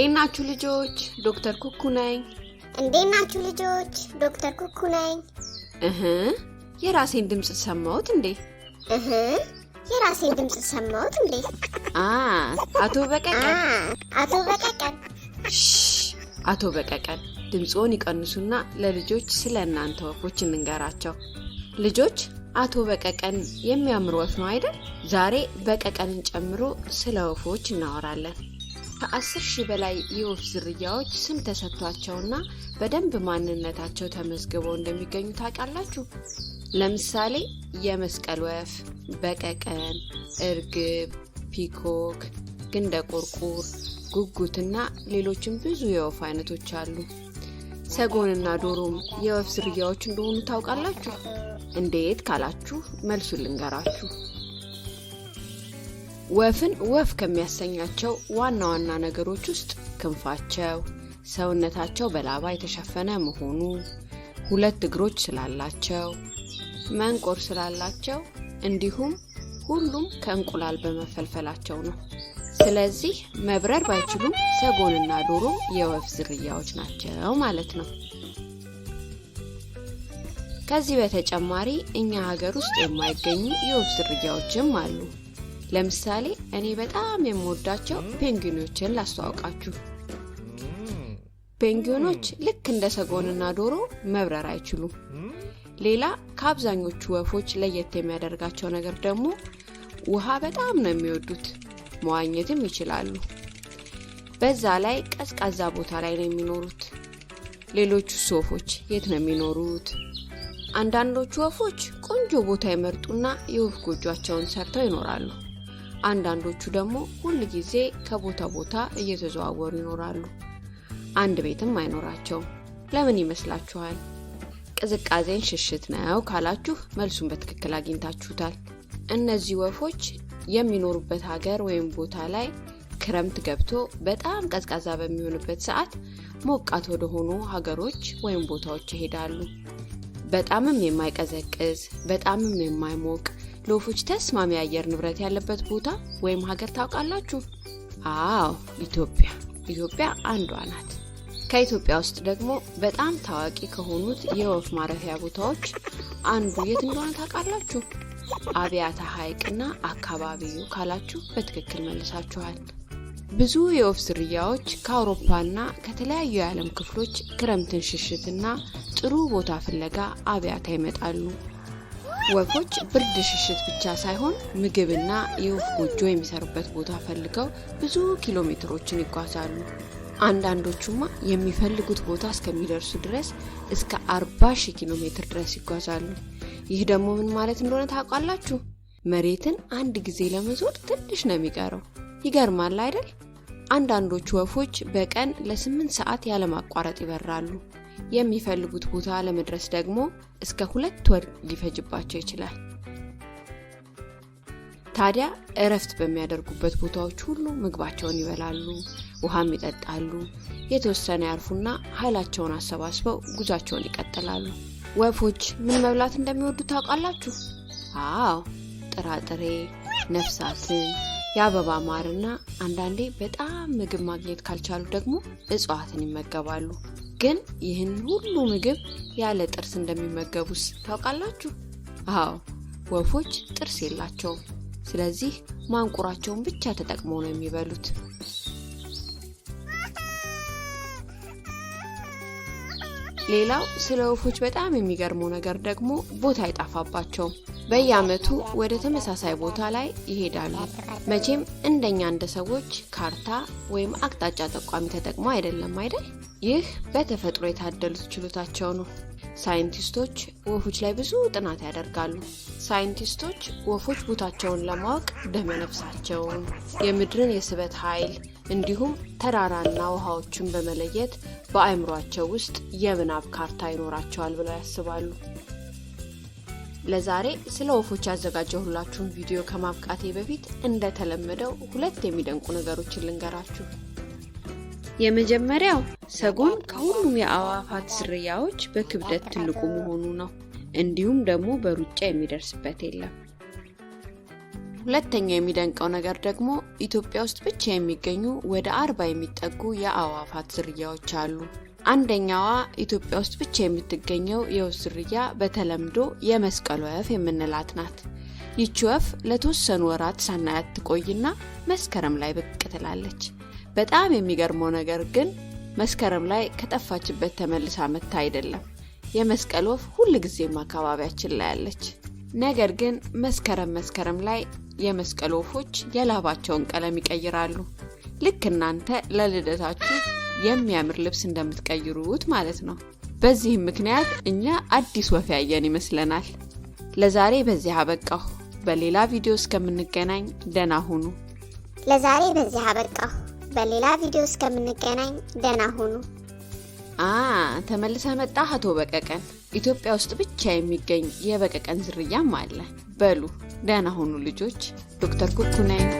እንዴት ናችሁ ልጆች? ዶክተር ኩኩ ነኝ። እንዴት ናችሁ ልጆች? ዶክተር ኩኩ ነኝ። እህ የራሴን ድምፅ ሰማሁት እንዴ? እህ የራሴን ድምፅ ሰማሁት እንዴ? አ አቶ በቀቀን አቶ በቀቀን አቶ በቀቀን ድምፅዎን ይቀንሱና ለልጆች ስለ እናንተ ወፎች እንንገራቸው። ልጆች አቶ በቀቀን የሚያምር ወፍ ነው አይደል? ዛሬ በቀቀንን ጨምሮ ስለ ወፎች እናወራለን። ከአስር ሺህ በላይ የወፍ ዝርያዎች ስም ተሰጥቷቸውና በደንብ ማንነታቸው ተመዝግበው እንደሚገኙ ታውቃላችሁ? ለምሳሌ የመስቀል ወፍ፣ በቀቀን፣ እርግብ፣ ፒኮክ፣ ግንደ ቁርቁር፣ ጉጉትና ሌሎችም ብዙ የወፍ አይነቶች አሉ። ሰጎንና ዶሮም የወፍ ዝርያዎች እንደሆኑ ታውቃላችሁ? እንዴት ካላችሁ መልሱ ልንገራችሁ። ወፍን ወፍ ከሚያሰኛቸው ዋና ዋና ነገሮች ውስጥ ክንፋቸው፣ ሰውነታቸው በላባ የተሸፈነ መሆኑ፣ ሁለት እግሮች ስላላቸው፣ መንቆር ስላላቸው እንዲሁም ሁሉም ከእንቁላል በመፈልፈላቸው ነው። ስለዚህ መብረር ባይችሉም ሰጎንና ዶሮ የወፍ ዝርያዎች ናቸው ማለት ነው። ከዚህ በተጨማሪ እኛ ሀገር ውስጥ የማይገኙ የወፍ ዝርያዎችም አሉ። ለምሳሌ እኔ በጣም የምወዳቸው ፔንግዊኖችን ላስተዋውቃችሁ። ፔንግዊኖች ልክ እንደ ሰጎንና ዶሮ መብረር አይችሉም። ሌላ ከአብዛኞቹ ወፎች ለየት የሚያደርጋቸው ነገር ደግሞ ውሃ በጣም ነው የሚወዱት፣ መዋኘትም ይችላሉ። በዛ ላይ ቀዝቃዛ ቦታ ላይ ነው የሚኖሩት። ሌሎቹ ወፎች የት ነው የሚኖሩት? አንዳንዶቹ ወፎች ቆንጆ ቦታ ይመርጡና የወፍ ጎጇቸውን ሰርተው ይኖራሉ። አንዳንዶቹ ደግሞ ሁል ጊዜ ከቦታ ቦታ እየተዘዋወሩ ይኖራሉ። አንድ ቤትም አይኖራቸውም። ለምን ይመስላችኋል? ቅዝቃዜን ሽሽት ነው ካላችሁ መልሱን በትክክል አግኝታችሁታል። እነዚህ ወፎች የሚኖሩበት ሀገር ወይም ቦታ ላይ ክረምት ገብቶ በጣም ቀዝቃዛ በሚሆንበት ሰዓት ሞቃት ወደሆኑ ሀገሮች ወይም ቦታዎች ይሄዳሉ። በጣምም የማይቀዘቅዝ በጣምም የማይሞቅ ለወፎች ተስማሚ አየር ንብረት ያለበት ቦታ ወይም ሀገር ታውቃላችሁ? አዎ፣ ኢትዮጵያ። ኢትዮጵያ አንዷ ናት። ከኢትዮጵያ ውስጥ ደግሞ በጣም ታዋቂ ከሆኑት የወፍ ማረፊያ ቦታዎች አንዱ የት እንደሆነ ታውቃላችሁ? አብያታ ሐይቅና አካባቢው ካላችሁ በትክክል መልሳችኋል። ብዙ የወፍ ዝርያዎች ከአውሮፓና ከተለያዩ የዓለም ክፍሎች ክረምትን ሽሽትና ጥሩ ቦታ ፍለጋ አብያታ ይመጣሉ። ወፎች ብርድ ሽሽት ብቻ ሳይሆን ምግብና የወፍ ጎጆ የሚሰሩበት ቦታ ፈልገው ብዙ ኪሎ ሜትሮችን ይጓዛሉ። አንዳንዶቹማ የሚፈልጉት ቦታ እስከሚደርሱ ድረስ እስከ 40 ሺህ ኪሎ ሜትር ድረስ ይጓዛሉ። ይህ ደግሞ ምን ማለት እንደሆነ ታውቃላችሁ? መሬትን አንድ ጊዜ ለመዞር ትንሽ ነው የሚቀረው። ይገርማል አይደል? አንዳንዶቹ ወፎች በቀን ለስምንት ሰዓት ያለማቋረጥ ይበራሉ። የሚፈልጉት ቦታ ለመድረስ ደግሞ እስከ ሁለት ወር ሊፈጅባቸው ይችላል። ታዲያ እረፍት በሚያደርጉበት ቦታዎች ሁሉ ምግባቸውን ይበላሉ፣ ውሃም ይጠጣሉ፣ የተወሰነ ያርፉና ኃይላቸውን አሰባስበው ጉዟቸውን ይቀጥላሉ። ወፎች ምን መብላት እንደሚወዱ ታውቃላችሁ? አዎ፣ ጥራጥሬ፣ ነፍሳትን፣ የአበባ ማርና አንዳንዴ በጣም ምግብ ማግኘት ካልቻሉ ደግሞ እጽዋትን ይመገባሉ። ግን ይህን ሁሉ ምግብ ያለ ጥርስ እንደሚመገቡስ ታውቃላችሁ? አዎ፣ ወፎች ጥርስ የላቸውም። ስለዚህ ማንቁራቸውን ብቻ ተጠቅመው ነው የሚበሉት። ሌላው ስለ ወፎች በጣም የሚገርመው ነገር ደግሞ ቦታ አይጣፋባቸውም። በየአመቱ ወደ ተመሳሳይ ቦታ ላይ ይሄዳሉ። መቼም እንደኛ እንደ ሰዎች ካርታ ወይም አቅጣጫ ጠቋሚ ተጠቅሞ አይደለም አይደል? ይህ በተፈጥሮ የታደሉት ችሎታቸው ነው። ሳይንቲስቶች ወፎች ላይ ብዙ ጥናት ያደርጋሉ። ሳይንቲስቶች ወፎች ቦታቸውን ለማወቅ ደመነፍሳቸውን፣ የምድርን የስበት ኃይል እንዲሁም ተራራና ውሃዎችን በመለየት በአእምሯቸው ውስጥ የምናብ ካርታ ይኖራቸዋል ብለው ያስባሉ። ለዛሬ ስለ ወፎች ያዘጋጀሁላችሁን ቪዲዮ ከማብቃቴ በፊት እንደተለመደው ሁለት የሚደንቁ ነገሮችን ልንገራችሁ። የመጀመሪያው ሰጎን ከሁሉም የአዕዋፋት ዝርያዎች በክብደት ትልቁ መሆኑ ነው። እንዲሁም ደግሞ በሩጫ የሚደርስበት የለም። ሁለተኛው የሚደንቀው ነገር ደግሞ ኢትዮጵያ ውስጥ ብቻ የሚገኙ ወደ አርባ የሚጠጉ የአዕዋፋት ዝርያዎች አሉ። አንደኛዋ ኢትዮጵያ ውስጥ ብቻ የምትገኘው የወፍ ዝርያ በተለምዶ የመስቀል ወፍ የምንላት ናት። ይቺ ወፍ ለተወሰኑ ወራት ሳናያት ትቆይና መስከረም ላይ ብቅ ትላለች። በጣም የሚገርመው ነገር ግን መስከረም ላይ ከጠፋችበት ተመልሳ መታ አይደለም። የመስቀል ወፍ ሁል ጊዜም አካባቢያችን ላይ አለች። ነገር ግን መስከረም መስከረም ላይ የመስቀል ወፎች የላባቸውን ቀለም ይቀይራሉ። ልክ እናንተ ለልደታችሁ የሚያምር ልብስ እንደምትቀይሩት ማለት ነው። በዚህም ምክንያት እኛ አዲስ ወፍ ያየን ይመስለናል። ለዛሬ በዚህ አበቃሁ። በሌላ ቪዲዮ እስከምንገናኝ ደህና ሁኑ። ለዛሬ በዚህ አበቃሁ። በሌላ ቪዲዮ እስከምንገናኝ ደህና ሁኑ። አ ተመልሰ መጣ አቶ በቀቀን። ኢትዮጵያ ውስጥ ብቻ የሚገኝ የበቀቀን ዝርያም አለ። በሉ ደህና ሁኑ ልጆች። ዶክተር ኩኩ ነኝ።